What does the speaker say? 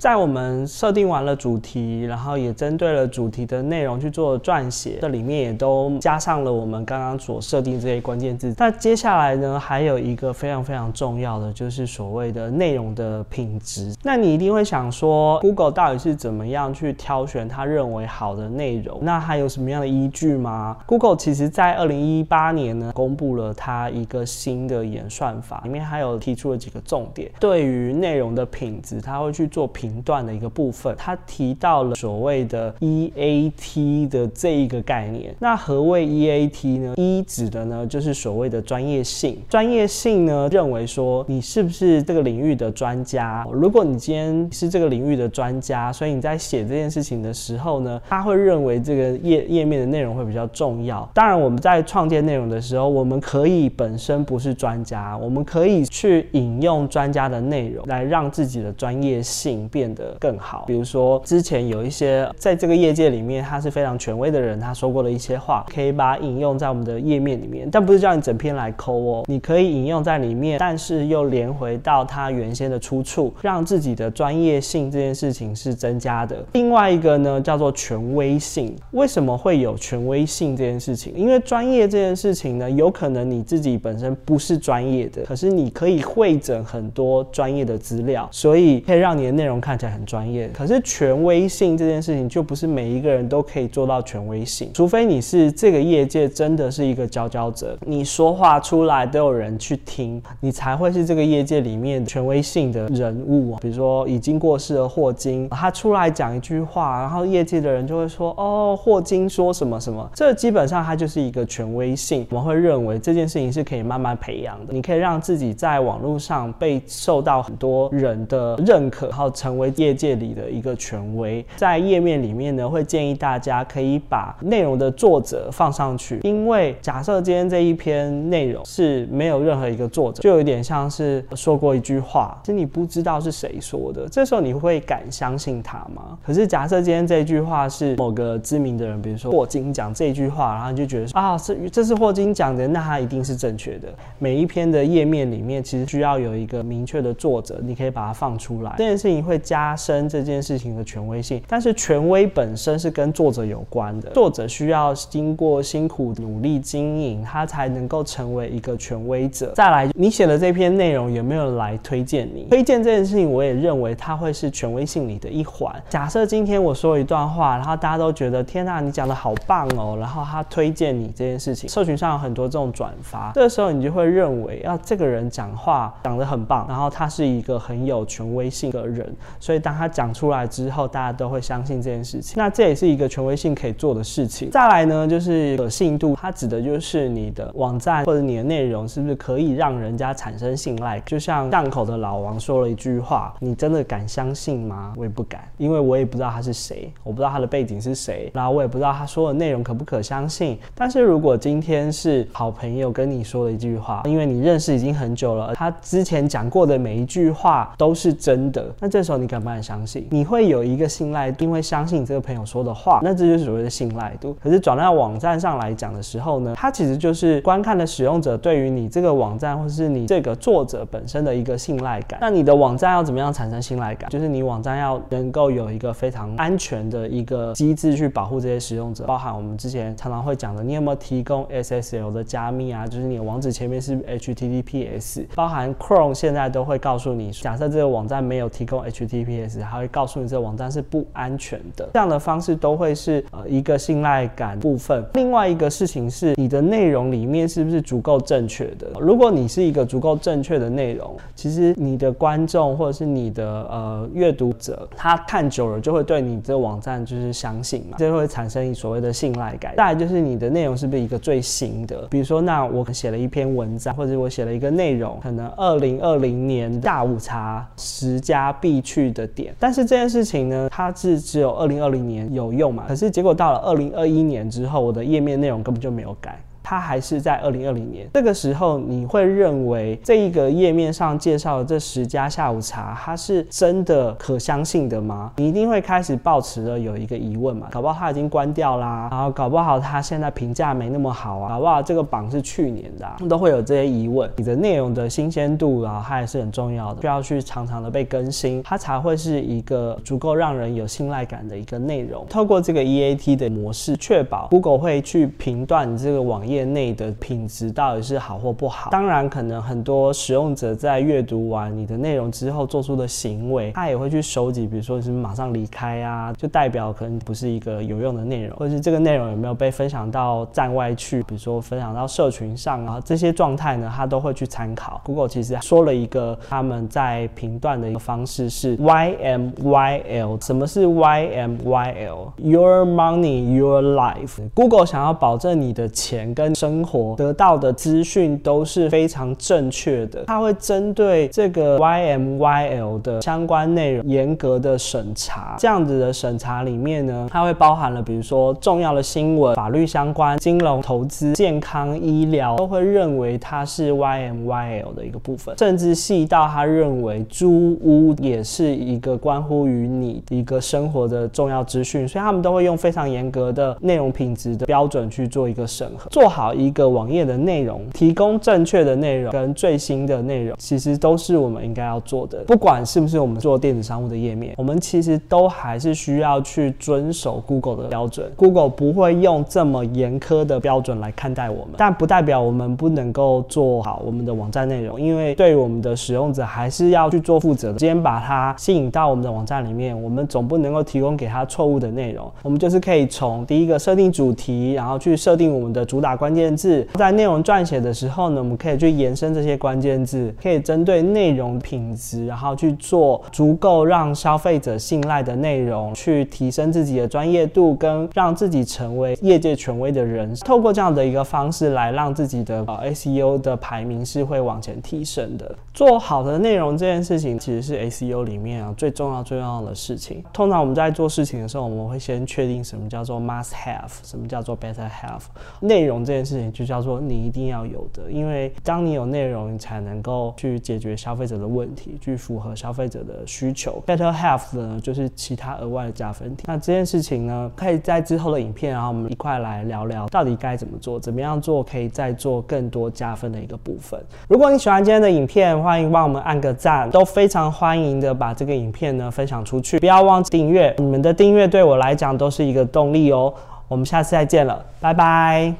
在我們設定完了主題，然後也針對了主題的內容去做撰寫，這裡面也都加上了我們剛剛所設定這些關鍵字。那接下來呢，還有一個非常非常重要的，就是所謂的內容的品質。那你一定會想說，Google 到底是怎麼樣去挑選他認為好的內容？那還有什麼樣的依據嗎？Google 其實在二零一八年呢，公布了它一個新的演算法，裡面還有提出了幾個重點，對於內容的品質，他會去做評段的一個部分，他提到了所謂的 EAT 的這一個概念。那何謂 EAT 呢？E 指的呢就是所謂的專業性。專業性呢認為說你是不是這個領域的專家？哦，如果你今天是這個領域的專家，所以你在寫這件事情的時候呢，他會認為這個頁頁面的內容會比較重要。當然我們在創建內容的時候，我們可以本身不是專家，我們可以去引用專家的內容來讓自己的專業性變。變得更好，比如說之前有一些在這個業界裡面，他是非常權威的人，他說過的一些話，可以把它引用在我們的頁面裡面，但不是叫你整篇來摳哦，你可以引用在裡面，但是又連回到他原先的出處，讓自己的專業性這件事情是增加的。另外一個呢，叫做權威性。為什麼會有權威性這件事情？因為專業這件事情呢，有可能你自己本身不是專業的，可是你可以彙整很多專業的資料，所以可以讓你的內容看。看起來很專業，可是權威性這件事情就不是每一個人都可以做到權威性，除非你是這個業界真的是一個佼佼者，你說話出來都有人去聽，你才會是這個業界裡面權威性的人物。比如說已經過世的霍金，他出來講一句話，然後業界的人就會說：“哦，霍金說什麼什麼。”這基本上他就是一個權威性。我們會認為這件事情是可以慢慢培養的，你可以讓自己在網絡上被受到很多人的認可，然後成為。為業界裡的一個權威，在頁面裡面呢，會建議大家可以把內容的作者放上去。因為假設今天這一篇內容是沒有任何一個作者，就有點像是說過一句話，是你不知道是誰說的，這時候你會敢相信他嗎？可是假設今天這一句話是某個知名的人，比如說霍金講這一句話，然後你就覺得啊，是這是霍金講的，那他一定是正確的。每一篇的頁面裡面其實需要有一個明確的作者，你可以把它放出來。這件事情會。加深這件事情的權威性，但是權威本身是跟作者有關的，作者需要經過辛苦努力經營，他才能夠成為一個權威者。再來，你寫的這篇內容有沒有人來推薦你？推薦這件事情，我也認為它會是權威性裡的一環。假設今天我說一段話，然後大家都覺得天哪、啊，你講得好棒哦，然後他推薦你這件事情，社群上有很多這種轉發，這個、時候你就會認為，要這個人講話講得很棒，然後他是一個很有權威性的人。所以當他講出來之後，大家都會相信這件事情。那這也是一個權威性可以做的事情。再來呢，就是可信度，它指的就是你的網站或者你的內容是不是可以讓人家產生信賴。就像巷口的老王說了一句話：“你真的敢相信嗎？”我也不敢，因為我也不知道他是誰，我不知道他的背景是誰，然後我也不知道他說的內容可不可相信。但是如果今天是好朋友跟你說了一句話，因為你認識已經很久了，他之前講過的每一句話都是真的，那這時候你。敢不敢相信？你會有一個信賴度，因為相信你這個朋友說的話，那這就是所謂的信賴度。可是轉到網站上來講的時候呢，它其實就是觀看的使用者對於你這個網站或是你這個作者本身的一個信賴感。那你的網站要怎麼樣產生信賴感？就是你網站要能夠有一個非常安全的一個機制，去保護這些使用者，包含我們之前常常會講的，你有沒有提供 SSL 的加密啊？就是你的網址前面是 HTTPS，包含 Chrome 現在都會告訴你，假設這個網站沒有提供 HT。P.P.S. 還會告訴你這個網站是不安全的，這樣的方式都會是呃一個信賴感的部分。另外一個事情是你的內容裡面是不是足夠正確的？如果你是一個足夠正確的內容，其實你的觀眾或者是你的呃閱讀者，他看久了就會對你這個網站就是相信嘛，就會產生所謂的信賴感。再來就是你的內容是不是一個最新的？比如說，那我寫了一篇文章，或者我寫了一個內容，可能二零二零年下午茶十家必去。的點，但是這件事情呢，它是只有二零二零年有用嘛，可是結果到了二零二一年之後，我的頁面內容根本就沒有改。它還是在二零二零年這個時候，你會認為這一個頁面上介紹的這十家下午茶，它是真的可相信的嗎？你一定會開始抱持著有一個疑問嘛？搞不好它已經關掉啦，然後搞不好它現在評價沒那麼好啊，搞不好這個榜是去年的，啊，都會有這些疑問。你的內容的新鮮度啊，它也是很重要的，需要去常常的被更新，它才會是一個足夠讓人有信賴感的一個內容。透過這個 EAT 的模式，確保 Google 會去評斷你這個網頁。業內的品質到底是好或不好？當然，可能很多使用者在閱讀完你的內容之後做出的行為，他也會去收集，比如說你是馬上離開啊，就代表可能不是一個有用的內容，或者是這個內容有沒有被分享到站外去，比如說分享到社群上啊，這些狀態呢，他都會去參考。Google 其實說了一個他們在評斷的一個方式是 YMYL。什麼是 YMYL？Your Money, Your Life。Google 想要保證你的錢，跟生活得到的資訊都是非常正確的。他會針對這個 YMYL 的相關內容嚴格的審查。這樣子的審查裡面呢，它會包含了比如說重要的新聞、法律相關、金融投資、健康醫療，都會認為它是 YMYL 的一個部分。甚至細到他認為租屋也是一個關乎於你一個生活的重要資訊，所以他們都會用非常嚴格的內容品質的標準去做一個審核。做做好一個網頁的內容，提供正確的內容跟最新的內容，其實都是我們應該要做的。不管是不是我們做電子商務的頁面，我們其實都還是需要去遵守 Google 的標準。Google 不會用這麼嚴苛的標準來看待我們，但不代表我們不能夠做好我們的網站內容，因為對我們的使用者還是要去做負責的。先把它吸引到我們的網站裡面，我們總不能夠提供給他錯誤的內容。我們就是可以從第一個設定主題，然後去設定我們的主打。關鍵字在內容撰寫的時候呢，我們可以去延伸這些關鍵字，可以針對內容品質，然後去做足夠讓消費者信賴的內容，去提升自己的專業度，跟讓自己成為業界權威的人。透過這樣的一個方式來讓自己的、uh, SEO 的排名是會往前提升的。做好的內容這件事情，其實是 SEO 裡面啊最重要最重要的事情。通常我們在做事情的時候，我們會先確定什麼叫做 must have，什麼叫做 better have，內容這這件事情就叫做你一定要有的，因為當你有內容，你才能夠去解決消費者的問題，去符合消費者的需求。Better have 呢，就是其他額外的加分題。那這件事情呢，可以在之後的影片，然後我們一塊來聊聊到底該怎麼做，怎麼樣做可以再做更多加分的一個部分。如果你喜歡今天的影片，歡迎幫我們按個讚，都非常歡迎的把這個影片呢分享出去，不要忘記訂閱。你們的訂閱對我來講都是一個動力哦。我們下次再見了，拜拜。